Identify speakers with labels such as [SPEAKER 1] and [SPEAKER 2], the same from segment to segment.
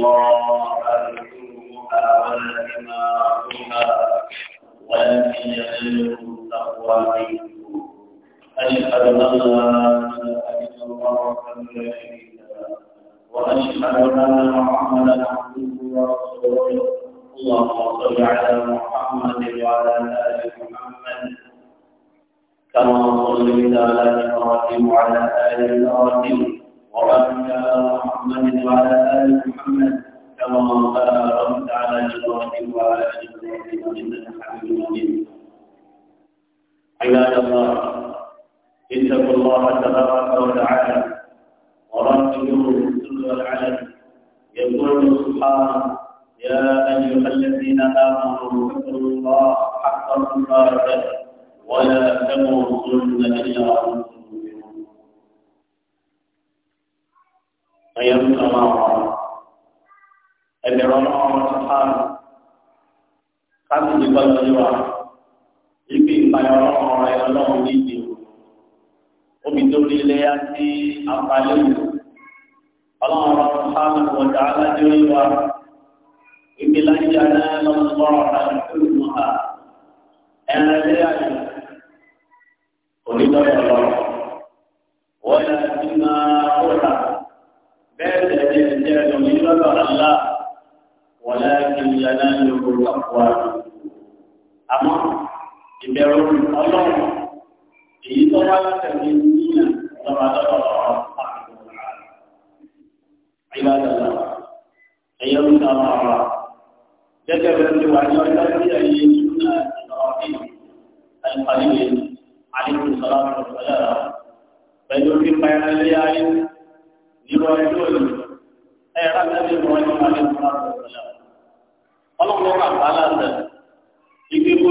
[SPEAKER 1] الله ذكرها أشهد أن لا إله إلا الله وحده لا شريك له وأشهد أن محمدا عبده ورسوله اللهم صل على محمد وعلى آل محمد كما صليت على ابراهيم وعلى ال ابراهيم وبارك على محمد وعلى آل محمد كما باركت على إبراهيم وعلى آل إبراهيم إنك حميد مجيد عباد الله اتقوا الله تبارك وتعالى ورتلوا سر العلم يقول سبحانه يا أيها الذين آمنوا اذكروا الله حق تقاته ولا تموتن إلا وأنتم ẹ̀yẹ ń sọ máa wọ̀ ẹ̀bẹ̀rẹ̀ ọlọ́run ti fà mí káàtì ní gbọ́dọ̀ yìí wà ibi ìpayọ̀ ọlọ́run ẹ̀yẹ ọlọ́run ní ìdí omi tó rí ilé yá sí apalẹ́ yìí ọlọ́run ọlọ́run fà mí wọ̀dà aládé yìí wà ibi láyé àná lọ́sọ̀rọ̀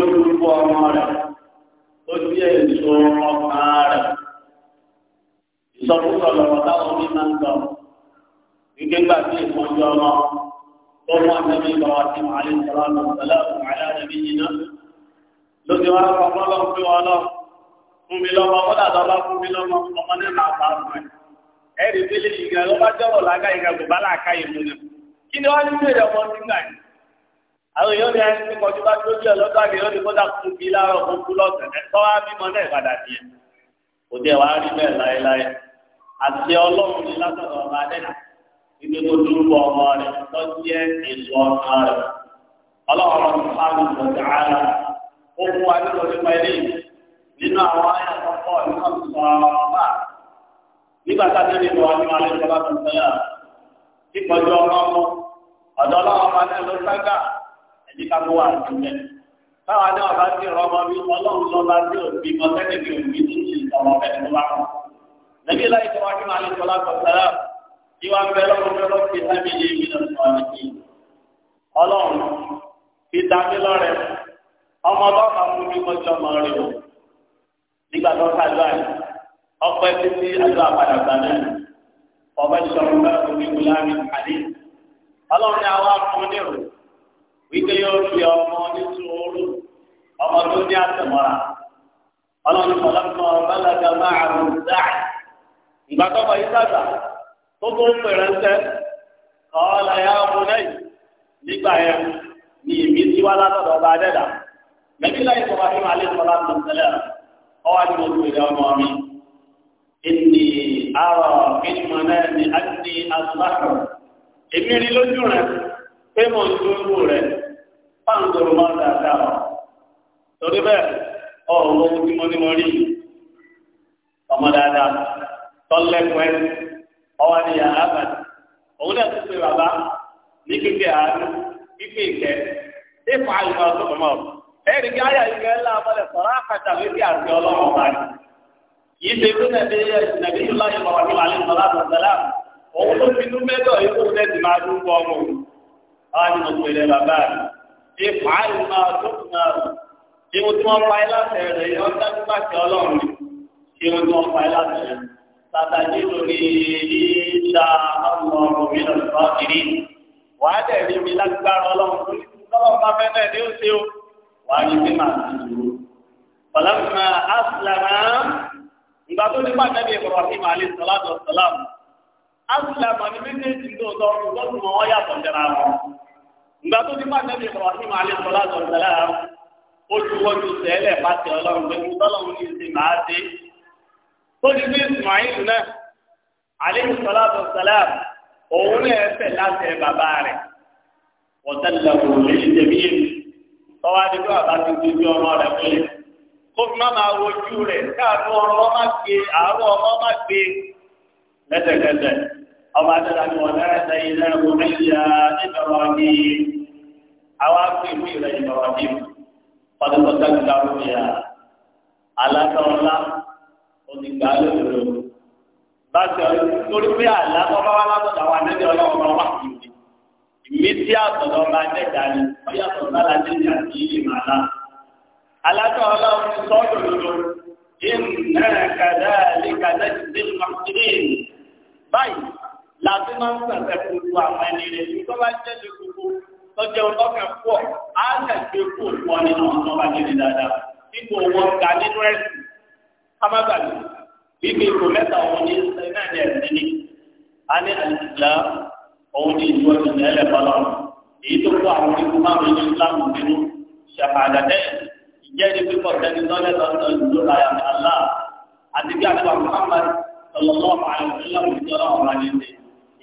[SPEAKER 1] lórúkọ ọmọ rẹ̀ ó jẹ́ èso ọkàn rẹ̀. ìsọkúsọ lọ́rọ̀ táwọn mi máa ń sọ wípé gbà sí ìpọ́njú ọmọ tó mú àtẹ́bí ìbáwá sí màálí sọ̀rọ̀ àlọ́ àlá àdàbí yìnyín ló ti wá lọ́wọ́ ọlọ́run pé wọn lọ fún mi lọ́mọ kọ́dà tó bá fún mi lọ́mọ ọmọ náà máa bá fún ẹ. ẹ̀rí pélé ìgbà ló bá jọ̀rọ̀ lágá ìgbà kò bá láàká ìmúlẹ̀ kí ni wọ́n ní bèrè ọmọ nígbà yìí. àwọn èèyàn ní ẹni tí kọjú bá tó díẹ̀ lọ́dọ̀ àgbẹ̀ yóò ní kó dàkú bí láàárọ̀ kó kú lọ́sẹ̀ ẹ̀tọ́ wa mímọ náà ìpadà ẹ̀ kò dé wàá rí bẹ́ẹ̀ láéláé àti ọlọ́run látọ̀dọ̀ adẹ́nà ibi tó dúró bọ ọmọ rẹ̀ èso ọmọ rẹ̀ ọlọ́run fáwọn ara ó fún wa ilé nínú àwọn nígbà tá ẹ̀jẹ̀ ká tó wà nílẹ̀. Táwa náà bá ti rọ ọmọ mi, ọlọ́run lọ bá ti òbí mọ sẹ́ni bí òbí tó ti sọ̀rọ̀ bẹ́ẹ̀ tó bá kọ́. Nàbí láì tó wá kí máa lè sọlá kọ sára, kí wá ń bẹ lọ́wọ́ bẹ́ẹ̀ lọ́wọ́ fi sábì lé mi lọ sọ ní kí. Ọlọ́run fi ta mí lọ́rẹ̀, ọmọ bá wà fún mi kọjọ́ mọ́ rẹ̀ o. Nígbà tó ká lọ́ àyè, ọpẹ́ títí àjọ àpàdà gbà náà, ọ̀bẹ ìṣọ̀rọ̀ bẹ́ẹ̀ wípé yóò fi ọmọ oníṣòro ọmọ tó ní àtẹmọ́ra ọlọ́run fọlọ́fọ́ bálaga máa ń dá ìgbà tó kọ yín dàgbà tó tó ń pèrè ńsẹ́ ọ̀ọ́lá ya ọmọ lẹ́yìn nígbà yẹn ní ìmí tí wá látọ̀dọ̀ ọba adẹ́dà lẹ́yìn láì sọ wáyé máa lé sọlá tó ń tẹ́lẹ̀ ọwọ́ àti gbogbo ìdá ọmọ mi. Ìní àrọ̀ ìmọ̀ náà ni a ti ní asùnmáà. Èmi rí lójú rẹ̀ pé mo ń dúró rẹ̀ fáńdọ̀rọ̀ máa dáadáa wà. torí bẹ́ẹ̀ ọ̀rọ̀ ohun tí mo ní mo rí ọmọ dáadáa tọ́lẹ́kùn ẹ̀ ọwọ́ ni yàrá bàtà òun náà ti pe bàbá ní kíkẹ́ àánú kíkẹ́ ìkẹ́ ṣé fà á ìmọ̀ ọ̀tọ̀ mọ̀ ẹ̀rí kí ayà ìkẹ́ ńlá abọ́lẹ̀ sọ̀rọ̀ àkàtà wípé àti ọlọ́run ọba ni. yìí ṣe fún nàbí nàbí ló fi nú mẹ́tọ̀ ikú rẹ̀ máa dún bọ́ ọmọ òun. àwọn ni mo pèlè bàbá mi ìfàáyì máa tó náà ìwọ̀n tí wọ́n pa ẹ́ láti rẹ̀ yọ dájú bá ti ọlọ́run ni ìwọ̀n tí wọ́n pa ẹ́ láti rẹ̀ tàtàjì lórí ìṣà ọmọọrùn mi lọ sọ ìrì wàá dẹ̀ rí mi lágbára ọlọ́run tó ní tọ́lọ́ bá fẹ́ náà ní òṣè o wàá rí mi màá ti dúró. ọ̀làmùmá fún màálí sọláàtọ̀ sọláàmù ń dòdò ọ̀rùn tó ìgbà tó ti bá nẹ́bí Ibrahim alẹ́sọ̀lá sọ̀tẹ́lá ó ti wọ́jú sẹ́lẹ̀ bá ti ọlọ́run pé kí tọ́lọ́run ní ìsìn máa dé. tó ti bí Ismail náà alẹ́sọ̀lá sọ̀tẹ́lá òun náà fẹ̀ láti ẹ bàbá rẹ̀ ọ̀tẹ́lẹ̀ kò lè tẹ̀mí èmi tọ́wá ti bí ti ti bí ọmọ rẹ̀ fúnlẹ̀. kó fi má máa wojú rẹ̀ káàdùn ọmọ má gbé àárọ̀ ọmọ má gbé lẹ́sẹ̀kẹsẹ̀ ọba dada ni wọn náà ṣe iná gbogbo ìyá ìbẹ̀rọ̀ ní àwọn akéwì rẹ̀ ìbẹ̀rọ̀ ní pàtàkì kàkà rúbíà alákọ̀ọ́lá onígbà lòlò báṣọ torí pé àlá ọba wa látọ̀dọ̀ àwọn àdéhùn ọlọ́wọ́ ọba wà sí ibi ìmísí àtọ̀dọ̀ ọba ẹ̀dá ni ọyà sọ̀rọ̀ lálá àti ìyè màlá alákọ̀ọ́lá onísọ́ọ̀dọ̀ lòlò ìnà kàdá àlè kàdá ti dé láti máa ń sàṣẹ gbogbo àwọn ẹni rẹ ní tó bá jẹ́ lè gbogbo tọ́jú ọlọ́kẹ́ pọ̀ á tẹ̀sí kú òkú ọ nínú àwọn tó bá nílé dáadáa dípò wọn ga nínú ẹ̀sìn kámágbàgbé bíbí ipò mẹ́ta òun ní náà ní ẹ̀sìn ni a ní àlìsílá òun ní ìlú ọdún ní ẹlẹ́fọ́lọ́ èyí tó kó àwọn ikú márùn-ún ní Ìsìlámù nínú ṣàpàdàdẹ́ ìjẹ́rìí pípọ̀ tẹ́ni lọ́lẹ́sọ̀ọ́sọ̀ ìlú àyàmì àlá àti bí àgbà Muhammad sọlọ́lọ́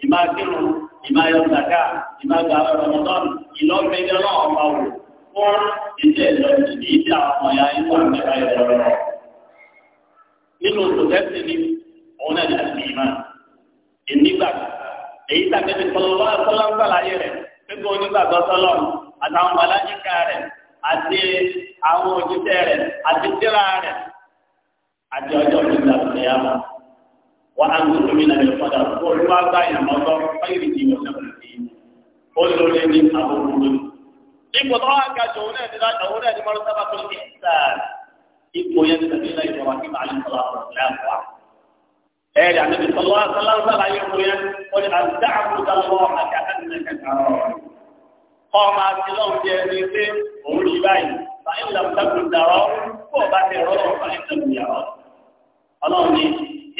[SPEAKER 1] ìmá kírun ìmá yọ sàkà ìmá gba ọmọdọ́n ìlọ́gbẹ́ni ọlọ́run máa wò fún ìdílé lọ síbi ìdí àwọn ọmọ ya inú àgbẹ̀ká ìrọ̀rọ̀. nínú tòkẹ́sì ni òun náà ní àti ìmá ìnígbà èyí tàbí sọlọ́wọ́ sọlọ́ńgbàláyé rẹ̀ pípọ̀ onígbàgbọ́ sọlọ́ àtàwọn mọ̀láyíká rẹ̀ àti àwọn òjíṣẹ́ rẹ̀ àti tíra rẹ̀ àti ọjọ́ ìgbà tó yá máa wọ́n á ń tó tóbi náà lè fọ́dà kó ló wá gbá ìyàmọ́ lọ fáyìrì ní ìwọ̀n náà sí i ó ló lé ní àbúrò lónìí. ipò tó wá ga jù òun náà ti láti òun náà ti mọ́rọ́ sábà tó ti sáà ipò yẹn ti tẹ̀lé láì sọ̀rọ̀ kí màálù sọ̀rọ̀ àwọn ọ̀sẹ̀ àgbà. ẹ̀rì àti sọ̀rọ̀ sọ̀rọ̀ sọ̀rọ̀ ayé kò yẹn ó ní àdá àbúrò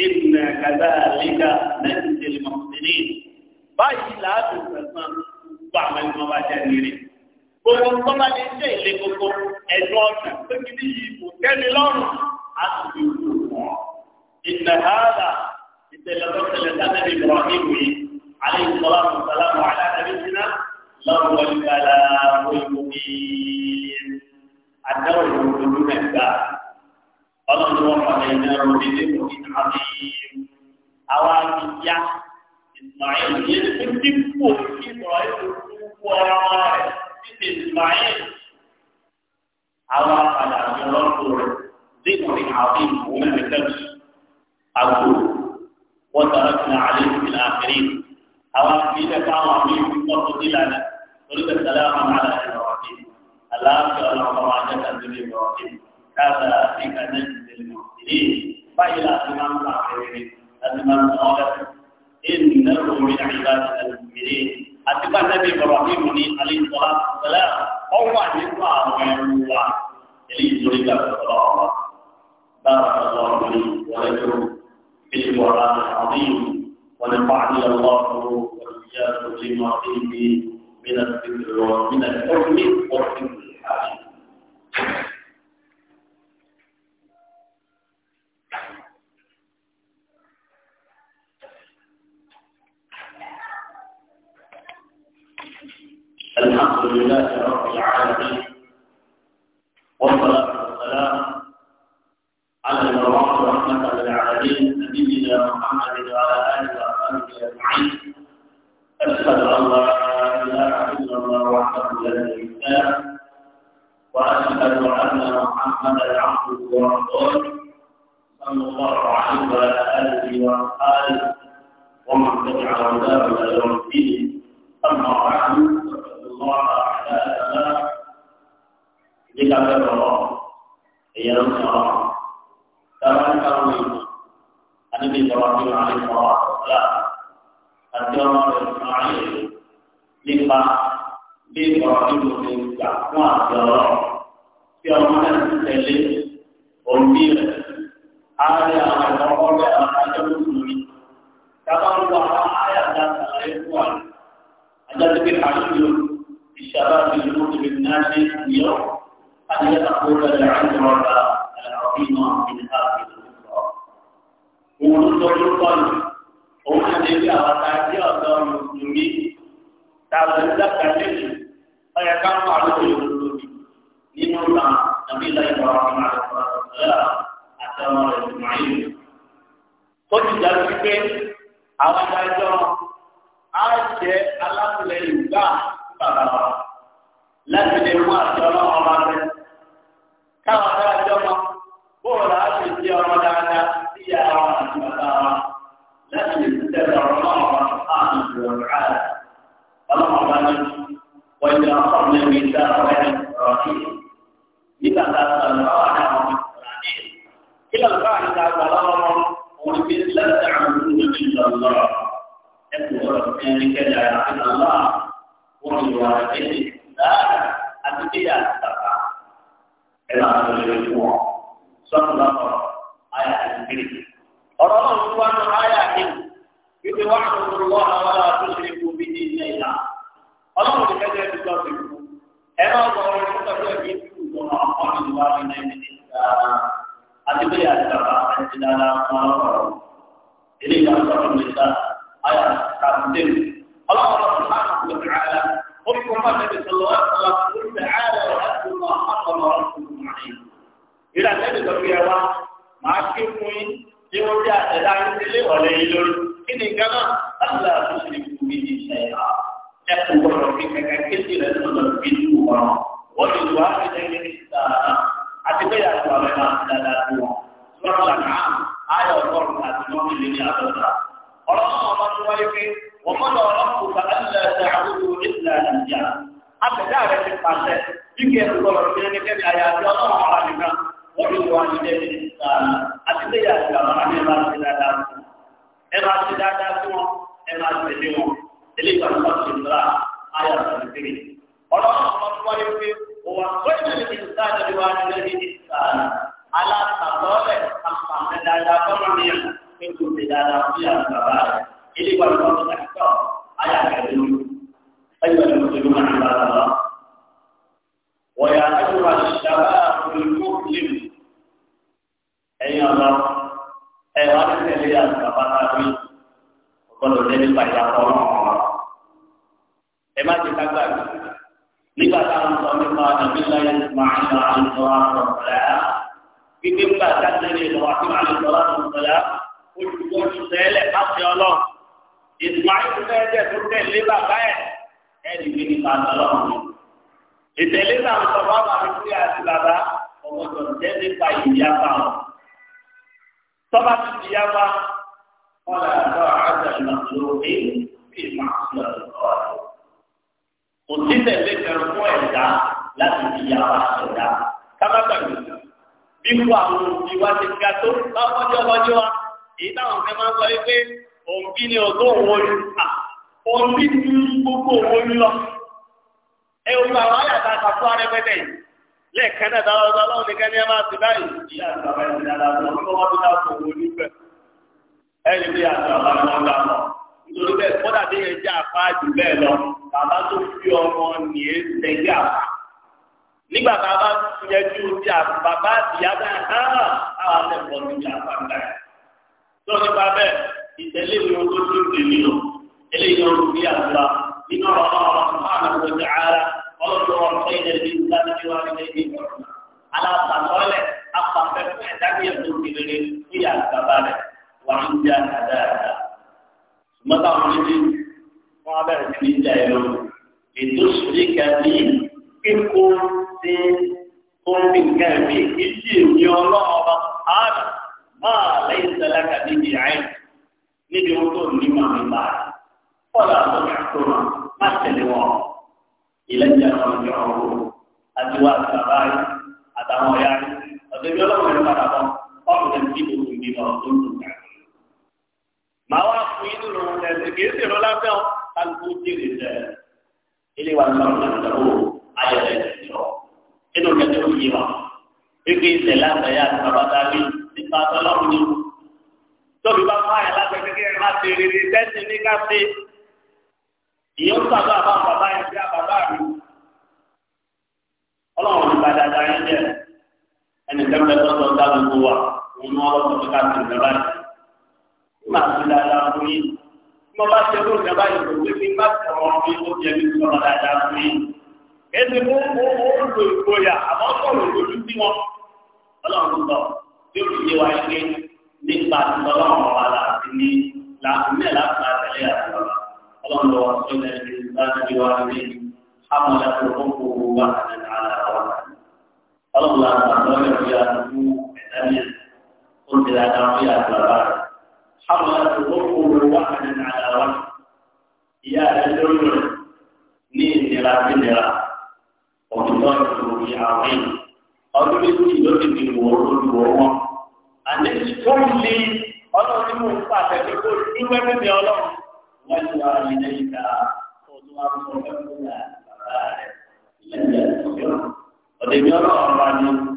[SPEAKER 1] ìnà kàdá àlékà lẹ́yìn ìdílé mọ̀tìní. báyìí láàbù sẹ̀sán gbogbo àwọn ẹ̀gbọ́n bá jẹ́ nílé. gbogbo sọ́lá ní ṣe ìlé gbogbo ẹ̀dùn ọ̀sẹ̀ pé kí ní yìí kò tẹ́mi lọ́rùn á sì fi wù wọ́n. ìnà hàdà ìtẹ̀lẹ̀ lọ́sẹ̀lẹ̀ sábẹ́ ìbọ̀rọ̀ الله علينا بذكر عظيم عوام يا إسماعيل يكتب إسرائيل وراء إسماعيل عوام على جرار ذكر الآخرين أوان في ذكاء عظيم في الضغط على إبراهيم الله يرحمه وعجل النبي هذا أخيك نجد المؤمنين فإلى أمام العالمين أمام الصالح إنه من عبادنا المؤمنين أتبع النبي إبراهيم عليه الصلاة والسلام هو يطلع من الله إليه يريد الله بارك الله لي ولكم في القرآن العظيم ونفعني الله وإياكم لما فيه من الذكر ومن الحكم والحكم الحاكم الحمد لله رب العالمين والصلاة والسلام على المرض رحمة للعالمين نبينا محمد وعلى آله وصحبه أجمعين
[SPEAKER 2] أشهد أن لا إله إلا الله وحده لا شريك
[SPEAKER 1] له وأشهد أن محمدا عبده ورسوله صلى الله عليه وعلى آله وصحبه ومن تبع هداه إلى يوم الدين أما بعد الله تعالى jika berdoa ia rumah karena kami Nabi Ibrahim alaihi wasallam Adama Ismail lima di Ibrahim bin Yakwa dalam Firman Sele Omir ada ada orang ada muslim kalau Allah ayat dan ayat Tuhan ada lebih hasil الشباب الجنود بالناس اليوم أن يتقول العبرة العظيمة من هذه الأخرى وننظر يقال هنا نبي أغتاكي أغتاكي المسلمين تعالى لك تجد فيكون معلوم المسلمين لنرى نبي الله إبراهيم عليه الصلاة والسلام أتى مرة إسماعيل قلت ذلك àwọn adájọ́ á jẹ́ alátìlẹyìn gbáà láti lè mú àti ọlọ́run ọba rẹ káwọn ará ẹjọ́ mọ bóòlù á sì di ọmọ dáadáa sí ìyá wa àti bàbá wa láti lè tẹ̀lé ọ̀rọ̀ náà wá àmì ìwọ̀n rà ọlọ́run ọba ní wọ́n yẹ ọkọ̀ mi ní ìdá ọ̀rẹ́ ọ̀rọ̀ yìí nígbà tá a sọ̀rọ̀ lọ́wọ́ àwọn ọmọ ìsọ̀rọ̀ ní kí lọ́n bá àti àgbà lọ́wọ́ òun ti lẹ́sẹ̀ àwọn olùdókòwò lọ́wọ́ ẹ̀kọ́ ọ̀rọ̀ ومن والديه لا أتبيع الزكاة إلى أن يجمع صلى الله عليه وسلم أرى الله آية يقول واعبدوا الله ولا تشركوا به شيئا ọlọ́run ti kẹ́jọ́ ẹni tó ti kú ẹ máa bọ̀ ọ̀rọ̀ tó tọ́jú ẹ̀mí kú lọ́nà ọ̀pọ̀lọpọ̀ ìwà ní nàìjíríà dáadáa àdébí àdàbà àti dáadáa fún ọlọ́run ilé ìyá ọ̀sán ọ̀rọ̀ nígbà ayà kàdúndéèmù الله سبحانه وتعالى قل كما الله عليه وسلم قل تعالى واتقوا ما حرم ربكم عليكم ìlà tẹ́lẹ̀ tó fi ẹwà máa kí fún yín tí ó rí àtẹ̀dá nílé ọ̀lẹ́ yìí lórí kí ni nǹkan wọ́n ti wá أيها المسلمون عباد الله ويا أيها الشباب المسلم أي الله أي غير الذي أصحابنا وقالوا لي بقى أما تكبر nígbà táwọn sọ nípa nàbílá ìsmáìlá àlùsọ̀rọ̀ àtọ̀sọ̀lá gbígbé ńgbà dáńdéré ìlọ́wọ́ àti àlùsọ̀rọ̀ àtọ̀sọ̀lá olùkọ́ ìṣẹ̀lẹ̀ bá ti ọlọ́ ìsmáìlá ẹ̀jẹ̀ tó tẹ̀lé bàbá ẹ̀ ẹni gbé nípa àtọ́lọ́mù mi. ìtẹ̀lé náà sọ bàbá mi pé àti bàbá ọ̀gbọ̀dọ̀ jẹ́ nípa ìyáfa wọn. tọ́ba ti di yáfa ọ̀là àtọ́ àjà ìmọ̀tòrò mi bí màá fi ọ̀dọ̀ ọ̀rọ̀. òtítẹ̀ lè fẹ́ràn fún ẹ̀dá láti di yáfa ẹ̀dá. kábàgbàgbé bí kú àwọn òbí wa ti ga tó bá wa èyí táwọn fẹ́ máa ń sọ wípé òǹkí ni ọ̀gọ́ òun wọlé ah, òní ti gbogbo owó lọ ẹ o gba àwọn àyàtà àkàkọ arẹpẹtẹ yìí lẹ́ẹ̀kan náà dáwọ ọba Ọlọ́run nìkan ní ẹ máa ti báyìí ìyá àgbà bá ti dára lọ wọn wọn ti dáàbò owó níbẹ̀ ẹ ní bí àgbà bá ti wọn dáàbò nítorí bẹ́ẹ̀ kódà bí yẹn jẹ àpá jù nígbà tá a bá yẹjú ti bàbá ìyá náà hàn àwọn akẹ́kọ̀ọ́ ti di àpá ńlá tó nípa bẹ́ẹ̀ ìtẹ̀lé mi ò tó tó tèmi lọ. eléyìí náà ló fi àdúrà nínú ọ̀rọ̀ ọ̀rọ̀ sùhánà tó ti ara ọlọ́dún wọn fẹ́ ilẹ̀ ní ìlú láti wá ilé ní ìwọ̀n alásàtọ́lẹ̀ apàfẹ́fẹ́ dáníyàn tó ti rere sí àgbàbà rẹ̀ wà ń jẹ́ àdáadáa. mọ́tà wọn ní wọn abẹ́rẹ́ sí ní ìjà ẹ̀rọ ètò ìṣèlérí kẹ́mí kíkó sí kóńbì kẹ́mí ìdí èmi ọlọ́ọ̀ba ààrẹ máa lẹ́yìn sẹ́lá kàdé ìyá ẹ̀ níbi wọn tó ní màmí báyìí. kọ́lá tó ní àtúnmá má tẹ̀lé wọn. ìlẹ́jà náà ń yọ ọ́ àti wá àtàrà rẹ̀ àtàwọn ọ̀yá rẹ̀ ọ̀sẹ̀ bí ọlọ́run rẹ̀ padà bọ̀ ọ̀rùn rẹ̀ ti dùn ìdí lọ tó ń dùn kàkiri. màá wá fún inú lòun ẹ̀sìn kìí sì rọ lábẹ́ ọ kálukú jèrè jẹ ilé wa sọ̀rọ̀ lọ́wọ́ ayọ̀lẹ̀ ìjọ inú kẹtẹ́ ó yé wa gbégbé ìṣẹ̀lẹ̀ àtàyà àti bàbá dábì nípa àtọ́lọ́run ni tóbi bá fún àyà láti ẹgbẹ́ kí ẹ má ṣe rere tẹ́sí ní ká ìyẹn ń sàdó àbá bàbá yẹn bí àbàbà rí ọlọ́run nípa dáadáa yẹn jẹ ẹnì kẹ́kẹ́ tọ́tọ́ dá gbogbo wa òun ni wọ́n lọ́kọ̀ tó ká sí ìjọba yìí bí màá fi dáadáa fún yín bí wọ́n bá ṣe fún ìjọba yìí kò pé kí n bá sọ̀rọ̀ ọmọ yìí tó jẹ́ bí sọ̀rọ̀ dáadáa fún yín èsì mú mú mú lò ìgboyà àmọ́ sọ̀rọ̀ ìgbòjú sí wọn ọlọ́run sọ bí ó fi yé wa yé nípa ìtọ́lọ́run ọ̀la àti ní làkúnmẹ́ láti máa tẹ̀lé àtọ́lọ́ اللهم وصلنا الإنسان بوعده حملت أمه وحدا على وحد اللهم لا تعذر يا نبو بدم قلت لا تعطي أسبابات حملت أمه وحدا على وحد يا الدنيا نين لا تنرى وبطاقة في عظيم ọdún méjì lórí ti wọ olùwọ wọn àti tó ń lé ọlọ́run ní mò ń pàṣẹ pé kó dúró ẹgbẹ́ mi ọlọ́run والوالديك خذوا صحبنا وتجرى الرجل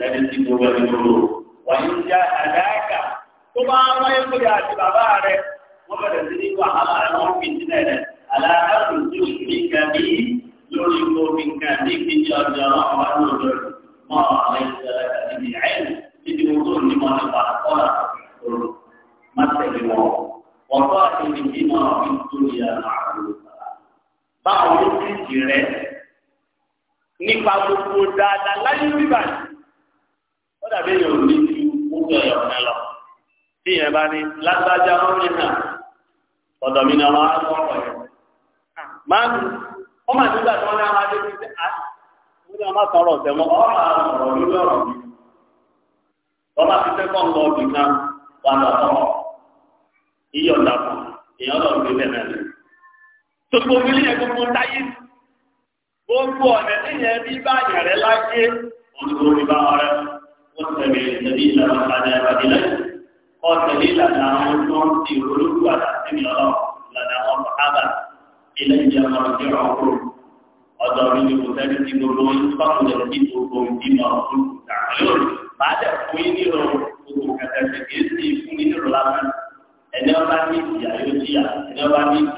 [SPEAKER 1] مدرس بوجهه وإن جاهداك ثم ما يقول يا بابارك وقد زدت على المؤمن على أن تشرك بي يريد منك ذكر جرى الرجل ما ليس لك من علم بدون ما تفعل ما تجرى وصاحب بما في الدنيا معروفا báwo ló ti jì rẹ nípa gbogbo dáadáa láyé bíbá yìí ó dàbí yóò ní ju gbogbo ẹ̀yọ̀ kan lọ bí yẹn bá ní lágbájá wọn ní hàn ọ̀dọ̀ mi náà wọn á lọ ọ̀rọ̀ yẹn. Ah, máa ń wọ́n máa nígbà tí wọ́n ní àwọn adébí ṣe á ah, wọ́n ní àwọn sọ̀rọ̀ ọ̀sẹ̀ mọ́ ọ́ máa sọ̀rọ̀ lórí ọ̀rọ̀ mi. wọ́n máa fi fẹ́ iyọ̀ dàpọ̀ èèyàn lọ gbé bẹ́ẹ̀ náà lọ. gbogbo orílẹ̀ yẹn gbogbo táyé gbogbo ọ̀nà níyẹn bí báyà rẹ láyé wọn ló rí bá wọn rẹ wọn tẹ̀lé ìtẹ̀lé ìlànà àti àbàdìlẹ̀ wọn tẹ̀lé ìlànà àwọn tó ń ti olóògbé àti ìlànà ìlànà àwọn bàbá ilé ìjẹun ọ̀dọ́ ọ̀gbọ̀n ọ̀dọ́ mi ni kò sẹ́ni ti gbogbo ìfọ̀kùnrin ti gbogbo ìdí ìjọba ní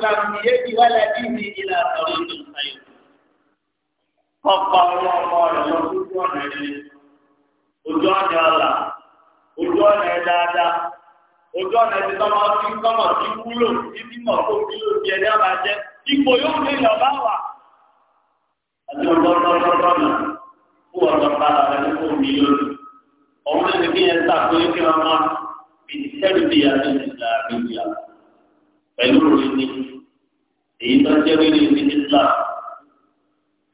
[SPEAKER 1] تربية ولده إلى طريق الخير kọ́kọ́ ọmọ rẹ̀ lọ sójú ọ̀nà ilé ojú ọ̀nà ọ̀la ojú ọ̀nà ẹ̀ dáadáa ojú ọ̀nà ẹ̀ tọ́mọ tí tọ́mọ tí wúlò tí bímọ tó wúlò tí ẹ̀dá máa jẹ́ ipò yóò ní ìyàn bá wà.
[SPEAKER 2] àti ọ̀dọ́ ọ̀dọ́dọ́dọ́nà
[SPEAKER 1] kó ọ̀dọ́ padà rẹ̀ ní kò mí lórí ọ̀hún ní kí ẹ sàkóyè kí ọmọ bìtẹ́rù bíi àti ìlà àbíyà pẹ̀lú òṣèlú èyí tó ń jẹ́ wíwí ní islam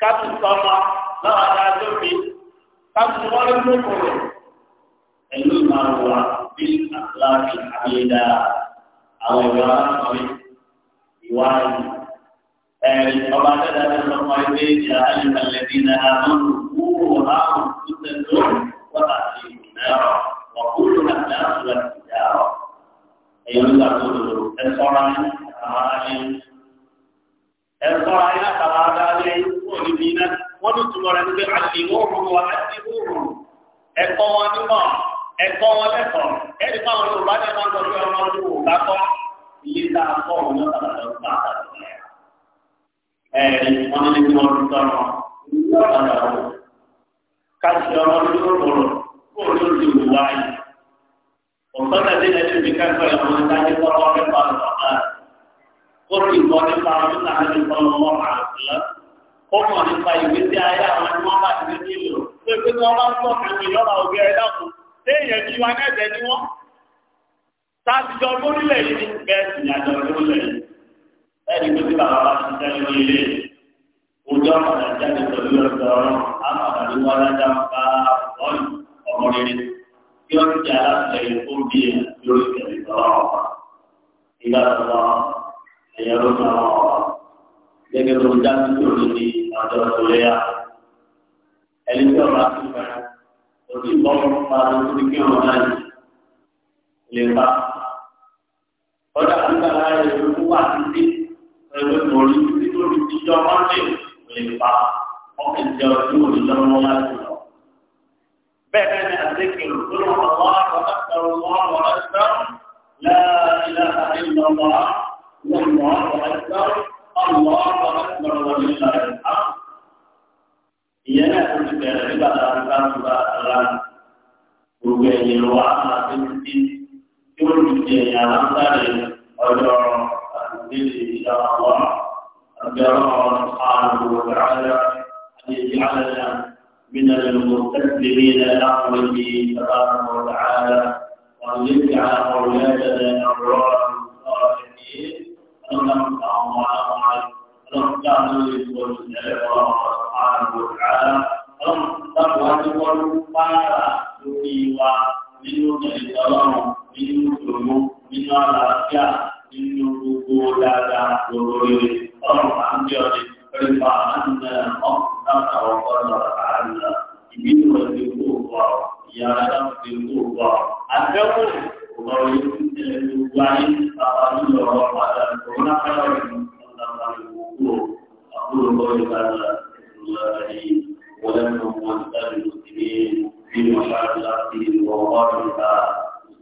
[SPEAKER 1] káàtì sọ́mọ lọ́wọ́ dáa lórí káàtì wọlé lókòrò ẹ̀lú máa wà bí àláàbí àyèdá àwọn ìwà àkọ́rí ìwà àyè. ẹ̀rí ọba dẹ́dá ní sọ́mọ ilé ìjà àyèkálẹ̀bí náà lọ́nà kúrò láwọn ìtúsẹ̀ tó wọ́n àti ìmọ̀lẹ́rọ̀ wọ́n kúrò láti àtúwẹ̀ ìjà rọ̀. ẹ̀yọ́ nígbà tó lò ẹ̀ ní àmàlà ní ẹ̀sọ́ ayé àtàwọn adáyé kúrò níbi iná wọ́n ní túmọ̀ rẹ̀ níbi àdìmóhùn wa àdìmóhùn ẹ̀kọ́ wọn nímọ̀ ẹ̀kọ́ wọn lẹ́kọ̀ọ́ ẹ̀rí fáwọn Yorùbá ní wọn lọ́dún ọmọ ọdún wò lákọ́ iye tá a kọ́ òun náà tàbí ọdún tá a tà sí ẹ̀. ẹ̀rí wọn ní kí wọ́n tún tọ́nà lọ́dà lọ́wọ́ káṣí ọmọ ọdún tó rọrùn kúrò lórí ìwò wáyé òǹtọ́jà ó sì mọ nípa ọdún náà ní ọlọ́mọ àlùfẹ́ ó mọ nípa ìgbésí ayé àwọn tí wọ́n bá ti ní nílò pé pé wọ́n bá ń pọ̀ kàmí lọ́ra òbí ẹ dákun téèyàn bí wa nẹ́ẹ̀dẹ́ ni wọ́n táàtìjọ lórílẹ̀ yìí ní bẹ́ẹ̀ sì ní àjọ lórílẹ̀ yìí ẹ̀ẹ́dì tó ti bàbá wa ti jáde lórí ilé ojú ọ̀pọ̀lọpọ̀ jáde pẹ̀lú ọ̀sẹ̀ ọ̀rọ̀ àmàlàlú wa lájà bá ọmọ èèyàn ló sọ ọ́ gẹ́gẹ́ tó ń já sí òní ní ọjọ́ ìléyà ẹni tí ọba ti fẹ́ òsì bọ́ọ̀lù pa lórí kí wọn náà lè pa. ọjà nígbà láyé ìlú wà títí ẹgbẹ́ mọ̀rí títí lórí ìjọ mọ́tì lè pa ọkàn jẹ ọdún òní lọ́wọ́ láti lọ. bẹ́ẹ̀ ni àdékèrò tó lọ́wọ́ àwọn àwọn akẹ́kọ̀ọ́ wọn wọ́n ṣẹ́ لا إله إلا الله والله أكبر الله أكبر ولله الحمد إيانا كنت كاربا أركان سورة الله Ruge yelwa masin sin yul je yalan tare ojo dili insya Allah agar Allah subhanahu wa ta'ala yaj'alna من المستكبرين لأمره تبارك وتعالى وأن يجعل أولادنا أبرارا وسلم على محمد اللهم جعل الرسول سبحانه وتعالى اللهم تقوى تقول فارا تقيوا nínú ẹ̀sẹ̀ ọlọ́run nínú ìṣòro nínú àlàáfíà nínú gbogbo dáadáa gbogbo rere ọlọ́run máa ń bí ọdẹ pẹ̀lú bá a ń nà ọkùnrin náà táwọn ọ̀dọ́ àárẹ̀ ìbílẹ̀ ọ̀dẹ̀ kó ọ̀rọ̀ yìí ti tẹ̀lé gbogbo ayé pàápàá jùlọ ọ̀rọ̀ padà kòrónà káyọ̀ ìmọ̀lára ìwòkúrò àbúrò lọ́wọ́ ìlànà ìlànà ولم يمثل المسلمين في محلة وغربها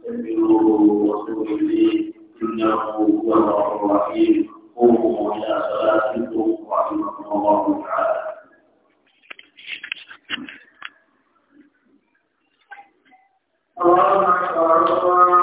[SPEAKER 1] يستمره رسول الله إنه هو الغفور الرحيم قوموا إلى صلاتكم رحمكم الله تعالى اللهم صل على